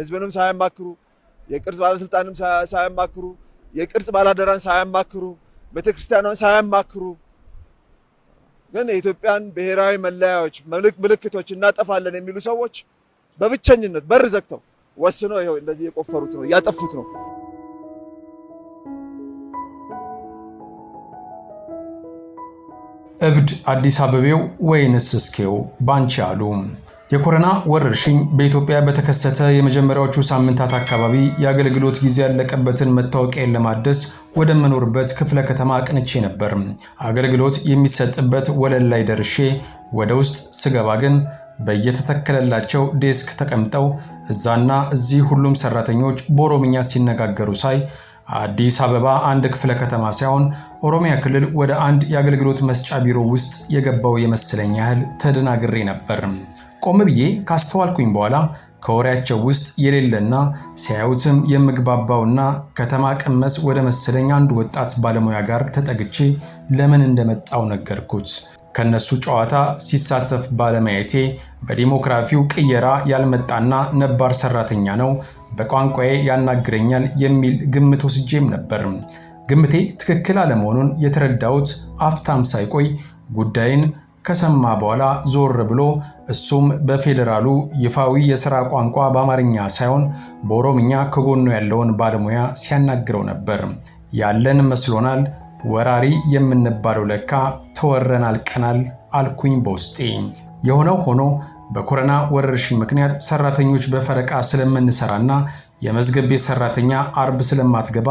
ህዝብንም ሳያማክሩ የቅርጽ ባለስልጣንም ሳያማክሩ የቅርጽ ባላደራን ሳያማክሩ ቤተክርስቲያኗን ሳያማክሩ ግን የኢትዮጵያን ብሔራዊ መለያዎች ምልክቶች እናጠፋለን የሚሉ ሰዎች በብቸኝነት በር ዘግተው ወስኖ ይኸው እንደዚህ የቆፈሩት ነው እያጠፉት ነው። እብድ አዲስ አበቤው ወይንስ እስኬው ባንቺ አሉ የኮረና ወረርሽኝ በኢትዮጵያ በተከሰተ የመጀመሪያዎቹ ሳምንታት አካባቢ የአገልግሎት ጊዜ ያለቀበትን መታወቂያን ለማደስ መኖርበት ክፍለ ከተማ አቅንቼ ነበር። አገልግሎት የሚሰጥበት ወለል ላይ ደርሼ ወደ ውስጥ ስገባ ግን በየተተከለላቸው ዴስክ ተቀምጠው እዛና እዚህ ሁሉም ሰራተኞች በኦሮምኛ ሲነጋገሩ ሳይ አዲስ አበባ አንድ ክፍለ ከተማ ሳይሆን ኦሮሚያ ክልል ወደ አንድ የአገልግሎት መስጫ ቢሮ ውስጥ የገባው የመሰለኝ ያህል ተደናግሬ ነበር። ቆም ብዬ ካስተዋልኩኝ በኋላ ከወሬያቸው ውስጥ የሌለና ሲያዩትም የምግባባውና ከተማ ቅመስ ወደ መሰለኝ አንድ ወጣት ባለሙያ ጋር ተጠግቼ ለምን እንደመጣው ነገርኩት። ከነሱ ጨዋታ ሲሳተፍ ባለማየቴ በዲሞክራፊው ቅየራ ያልመጣና ነባር ሰራተኛ ነው፣ በቋንቋዬ ያናግረኛል የሚል ግምት ወስጄም ነበር። ግምቴ ትክክል አለመሆኑን የተረዳሁት አፍታም ሳይቆይ ጉዳይን ከሰማ በኋላ ዞር ብሎ እሱም በፌዴራሉ ይፋዊ የሥራ ቋንቋ በአማርኛ ሳይሆን በኦሮምኛ ከጎኑ ያለውን ባለሙያ ሲያናግረው ነበር። ያለን መስሎናል፣ ወራሪ የምንባለው ለካ ተወረን አልቀናል አልኩኝ በውስጤ። የሆነው ሆኖ በኮረና ወረርሽኝ ምክንያት ሰራተኞች በፈረቃ ስለምንሰራና የመዝገብ ቤት ሰራተኛ አርብ ስለማትገባ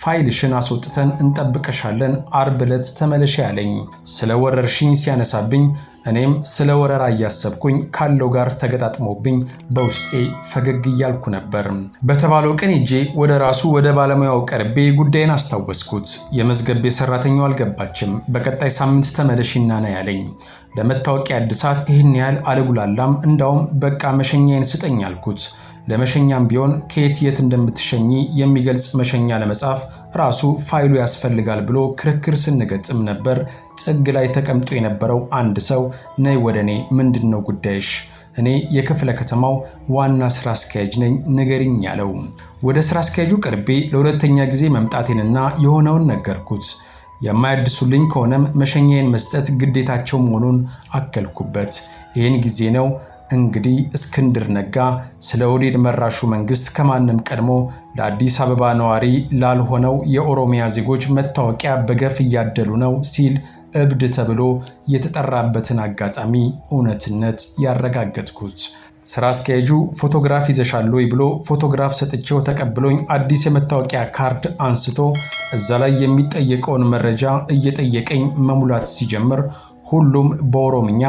ፋይልሽን አስወጥተን እንጠብቀሻለን፣ አርብ ዕለት ተመለሽ ያለኝ። ስለ ወረርሽኝ ሲያነሳብኝ እኔም ስለ ወረራ እያሰብኩኝ ካለው ጋር ተገጣጥሞብኝ በውስጤ ፈገግ እያልኩ ነበር። በተባለው ቀን ሄጄ ወደ ራሱ ወደ ባለሙያው ቀርቤ ጉዳይን አስታወስኩት። የመዝገብ ቤት ሰራተኛው አልገባችም፣ በቀጣይ ሳምንት ተመለሽና ና ያለኝ። ለመታወቂያ እድሳት ይህን ያህል አልጉላላም፣ እንዳውም በቃ መሸኛዬን ስጠኝ አልኩት። ለመሸኛም ቢሆን ከየት የት እንደምትሸኚ የሚገልጽ መሸኛ ለመጻፍ ራሱ ፋይሉ ያስፈልጋል ብሎ ክርክር ስንገጥም ነበር። ጥግ ላይ ተቀምጦ የነበረው አንድ ሰው ነይ ወደ እኔ፣ ምንድን ነው ጉዳይሽ? እኔ የክፍለ ከተማው ዋና ስራ አስኪያጅ ነኝ ነገርኝ ያለው። ወደ ስራ አስኪያጁ ቀርቤ ለሁለተኛ ጊዜ መምጣቴንና የሆነውን ነገርኩት። የማያድሱልኝ ከሆነም መሸኛዬን መስጠት ግዴታቸው መሆኑን አከልኩበት። ይህን ጊዜ ነው እንግዲህ እስክንድር ነጋ ስለ ኦህዴድ መራሹ መንግስት ከማንም ቀድሞ ለአዲስ አበባ ነዋሪ ላልሆነው የኦሮሚያ ዜጎች መታወቂያ በገፍ እያደሉ ነው ሲል እብድ ተብሎ የተጠራበትን አጋጣሚ እውነትነት ያረጋገጥኩት። ስራ አስኪያጁ ፎቶግራፍ ይዘሻል ወይ ብሎ ፎቶግራፍ ሰጥቼው ተቀብሎኝ አዲስ የመታወቂያ ካርድ አንስቶ እዛ ላይ የሚጠየቀውን መረጃ እየጠየቀኝ መሙላት ሲጀምር ሁሉም በኦሮምኛ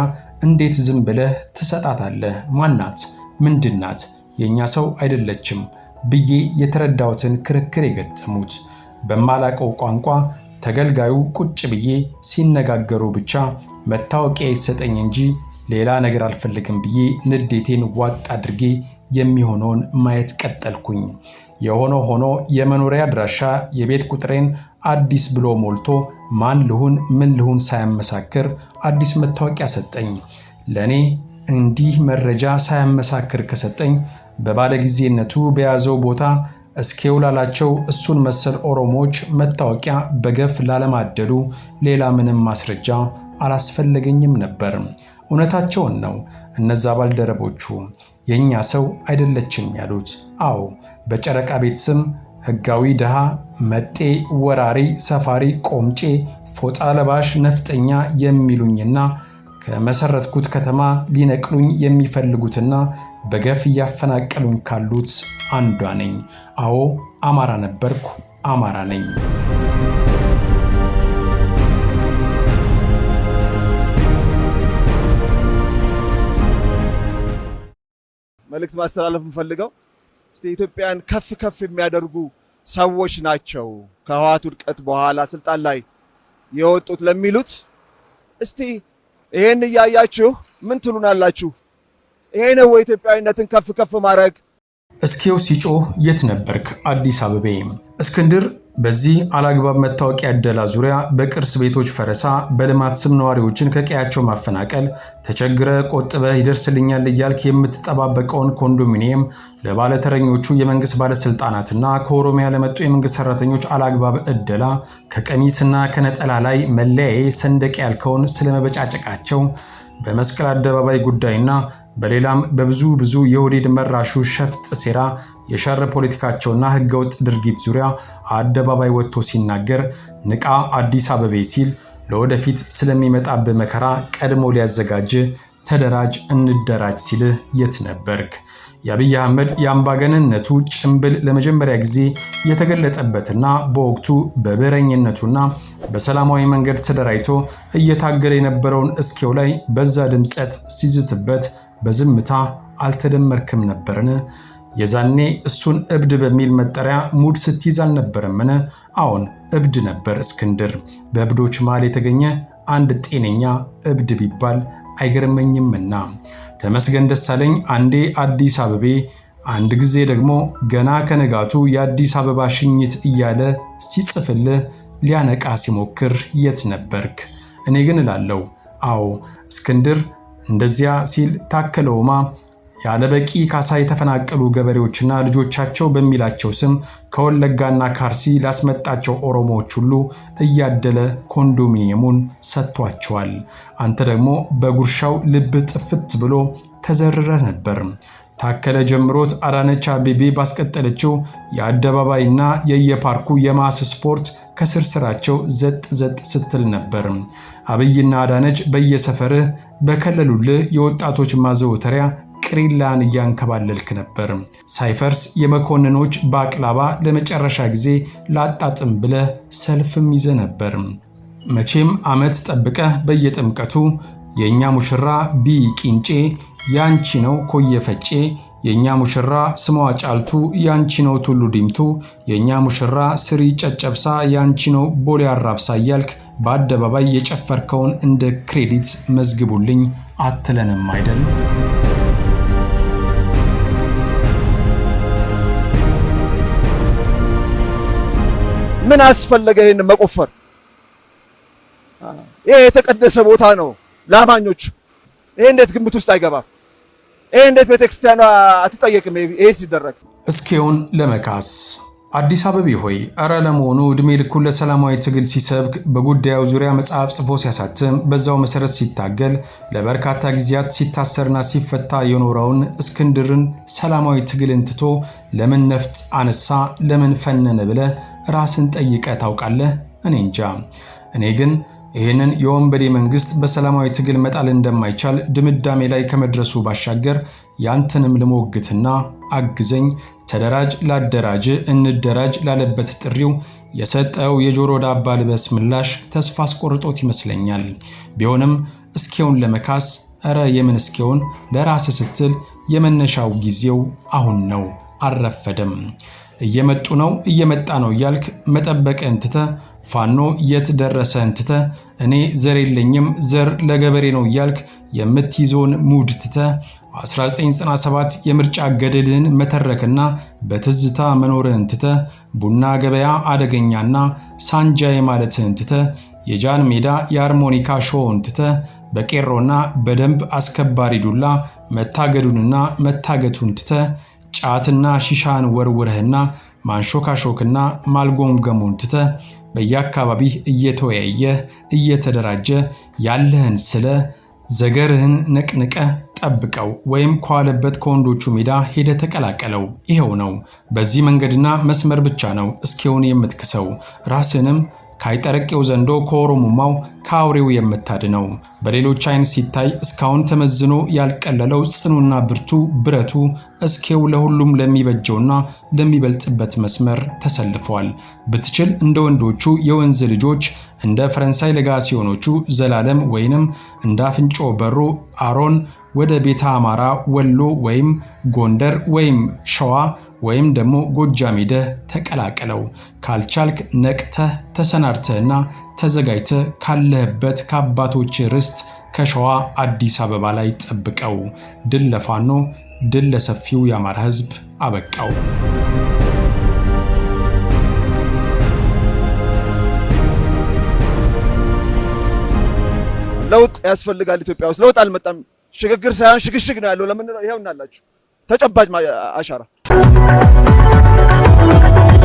እንዴት ዝም ብለህ ትሰጣታለህ? ማናት? ምንድናት? የእኛ ሰው አይደለችም ብዬ የተረዳሁትን ክርክር የገጠሙት በማላቀው ቋንቋ ተገልጋዩ ቁጭ ብዬ ሲነጋገሩ ብቻ መታወቂያ ይሰጠኝ እንጂ ሌላ ነገር አልፈልግም ብዬ ንዴቴን ዋጥ አድርጌ የሚሆነውን ማየት ቀጠልኩኝ። የሆነ ሆኖ የመኖሪያ አድራሻ የቤት ቁጥሬን አዲስ ብሎ ሞልቶ ማን ልሁን ምን ልሁን ሳያመሳክር አዲስ መታወቂያ ሰጠኝ። ለእኔ እንዲህ መረጃ ሳያመሳክር ከሰጠኝ በባለጊዜነቱ በያዘው ቦታ ላላቸው እሱን መሰል ኦሮሞዎች መታወቂያ በገፍ ላለማደሉ ሌላ ምንም ማስረጃ አላስፈለገኝም ነበር። እውነታቸውን ነው እነዛ ባልደረቦቹ የእኛ ሰው አይደለችም ያሉት። አዎ በጨረቃ ቤት ስም ህጋዊ ድሃ፣ መጤ፣ ወራሪ፣ ሰፋሪ፣ ቆምጬ፣ ፎጣ ለባሽ፣ ነፍጠኛ የሚሉኝና ከመሰረትኩት ከተማ ሊነቅሉኝ የሚፈልጉትና በገፍ እያፈናቀሉኝ ካሉት አንዷ ነኝ። አዎ አማራ ነበርኩ፣ አማራ ነኝ። መልእክት ማስተላለፍ የምፈልገው ኢትዮጵያን ከፍ ከፍ የሚያደርጉ ሰዎች ናቸው። ከህወሓት ውድቀት በኋላ ስልጣን ላይ የወጡት ለሚሉት እስቲ ይሄን እያያችሁ ምን ትሉናላችሁ? ይሄ ነው ኢትዮጵያዊነትን ከፍ ከፍ ማድረግ። እስኪው ሲጮህ የት ነበርክ አዲስ አበቤ? እስክንድር በዚህ አላግባብ መታወቂያ እደላ ዙሪያ በቅርስ ቤቶች ፈረሳ በልማት ስም ነዋሪዎችን ከቀያቸው ማፈናቀል ተቸግረ ቆጥበ ይደርስልኛል እያልክ የምትጠባበቀውን ኮንዶሚኒየም ለባለተረኞቹ የመንግስት ባለሥልጣናትና ከኦሮሚያ ለመጡ የመንግስት ሰራተኞች አላግባብ እደላ ከቀሚስና ከነጠላ ላይ መለያዬ ሰንደቅ ያልከውን ስለመበጫጨቃቸው በመስቀል አደባባይ ጉዳይና በሌላም በብዙ ብዙ የወዴድ መራሹ ሸፍጥ ሴራ የሸር ፖለቲካቸውና ህገወጥ ድርጊት ዙሪያ አደባባይ ወጥቶ ሲናገር ንቃ አዲስ አበቤ ሲል ለወደፊት ስለሚመጣብህ መከራ ቀድሞ ሊያዘጋጅ ተደራጅ እንደራጅ ሲልህ የት ነበርክ? የአብይ አህመድ የአምባገነንነቱ ጭምብል ለመጀመሪያ ጊዜ የተገለጠበትና በወቅቱ በብረኝነቱና በሰላማዊ መንገድ ተደራጅቶ እየታገለ የነበረውን እስኬው ላይ በዛ ድምፀት ሲዝትበት በዝምታ አልተደመርክም ነበርን? የዛኔ እሱን እብድ በሚል መጠሪያ ሙድ ስትይዝ አልነበረምን? አዎን እብድ ነበር እስክንድር። በእብዶች መሃል የተገኘ አንድ ጤነኛ እብድ ቢባል አይገርመኝምና። ተመስገን ደሳለኝ አንዴ አዲስ አበቤ አንድ ጊዜ ደግሞ ገና ከንጋቱ የአዲስ አበባ ሽኝት እያለ ሲጽፍልህ ሊያነቃ ሲሞክር የት ነበርክ? እኔ ግን እላለሁ አዎ እስክንድር እንደዚያ ሲል ታከለ ኡማ ያለበቂ ካሳ የተፈናቀሉ ገበሬዎችና ልጆቻቸው በሚላቸው ስም ከወለጋና ካርሲ ላስመጣቸው ኦሮሞዎች ሁሉ እያደለ ኮንዶሚኒየሙን ሰጥቷቸዋል። አንተ ደግሞ በጉርሻው ልብ ጥፍት ብሎ ተዘርረ ነበር። ታከለ ጀምሮት አዳነች አቤቤ ባስቀጠለችው የአደባባይና የየፓርኩ የማስ ስፖርት ከስር ስራቸው ዘጥ ዘጥ ስትል ነበር። አብይና አዳነች በየሰፈርህ በከለሉልህ የወጣቶች ማዘውተሪያ ቅሪላን እያንከባለልክ ነበር። ሳይፈርስ የመኮንኖች በአቅላባ ለመጨረሻ ጊዜ ላጣጥም ብለህ ሰልፍም ይዘ ነበር። መቼም ዓመት ጠብቀህ በየጥምቀቱ የእኛ ሙሽራ ቢ ቂንጬ ያንቺ ነው ኮየ ፈጬ የእኛ ሙሽራ ስሟ ጫልቱ ያንቺ ነው ቱሉ ዲምቱ የእኛ ሙሽራ ስሪ ጨጨብሳ ያንቺ ነው ቦሌ አራብሳ እያልክ በአደባባይ የጨፈርከውን እንደ ክሬዲት መዝግቡልኝ አትለንም አይደል? ምን አስፈለገ ይህን መቆፈር? ይህ የተቀደሰ ቦታ ነው። ላማኞች ይሄ እንዴት ግምት ውስጥ አይገባም? ይሄ እንዴት ቤተክርስቲያኗ አትጠየቅም? ይሄ ሲደረግ እስኪውን ለመካስ አዲስ አበቤ ሆይ እረ ለመሆኑ እድሜ ልኩን ለሰላማዊ ትግል ሲሰብክ በጉዳዩ ዙሪያ መጽሐፍ ጽፎ ሲያሳትም በዛው መሰረት ሲታገል ለበርካታ ጊዜያት ሲታሰርና ሲፈታ የኖረውን እስክንድርን ሰላማዊ ትግልን ትቶ ለምን ነፍጥ አነሳ ለምን ፈነነ ብለ ራስን ጠይቀ ታውቃለህ? እኔ እንጃ። እኔ ግን ይህንን የወንበዴ መንግስት በሰላማዊ ትግል መጣል እንደማይቻል ድምዳሜ ላይ ከመድረሱ ባሻገር ያንተንም ልሞግትና አግዘኝ፣ ተደራጅ ላደራጅ፣ እንደራጅ ላለበት ጥሪው የሰጠው የጆሮ ዳባ ልበስ ምላሽ ተስፋ አስቆርጦት ይመስለኛል። ቢሆንም እስኪውን ለመካስ እረ የምን እስኪውን ለራስ ስትል የመነሻው ጊዜው አሁን ነው፣ አረፈደም እየመጡ ነው እየመጣ ነው እያልክ መጠበቅን ትተህ ፋኖ የት ደረሰ እንትተ እኔ ዘር የለኝም ዘር ለገበሬ ነው እያልክ የምትይዘውን ሙድ ትተ 1997 የምርጫ ገደልህን መተረክና በትዝታ መኖርህን ትተ ቡና ገበያ አደገኛና ሳንጃይ ማለትህን ትተ የጃን ሜዳ የአርሞኒካ ሾውን ትተ በቄሮና በደንብ አስከባሪ ዱላ መታገዱንና መታገቱን ትተ ጫትና ሺሻን ወርውረህና ማንሾካሾክና ማልጎምገሙን ትተ በየአካባቢህ እየተወያየ እየተደራጀ ያለህን ስለ ዘገርህን ነቅንቀ ጠብቀው ወይም ከዋለበት ከወንዶቹ ሜዳ ሄደ ተቀላቀለው። ይኸው ነው። በዚህ መንገድና መስመር ብቻ ነው እስኪሆን የምትክሰው ራስንም ካይጠረቄው ዘንዶ ከኦሮሙማው ከአውሬው የምታድነው። በሌሎች አይን ሲታይ እስካሁን ተመዝኖ ያልቀለለው ጽኑና ብርቱ ብረቱ እስኬው ለሁሉም ለሚበጀውና ለሚበልጥበት መስመር ተሰልፏል። ብትችል እንደ ወንዶቹ የወንዝ ልጆች እንደ ፈረንሳይ ለጋሲዮኖቹ ዘላለም ወይንም እንደ አፍንጮ በሩ አሮን ወደ ቤተ አማራ ወሎ ወይም ጎንደር ወይም ሸዋ ወይም ደግሞ ጎጃም ሄደህ ተቀላቀለው። ካልቻልክ ነቅተህ ተሰናድተህና ተዘጋጅተህ ካለህበት ከአባቶች ርስት ከሸዋ አዲስ አበባ ላይ ጠብቀው። ድል ለፋኖ ድል ለሰፊው የአማራ ህዝብ አበቃው። ለውጥ ያስፈልጋል። ኢትዮጵያ ውስጥ ለውጥ አልመጣም። ሽግግር ሳይሆን ሽግሽግ ነው ያለው። ለምን ይኸው እናላችሁ ተጨባጭ አሻራ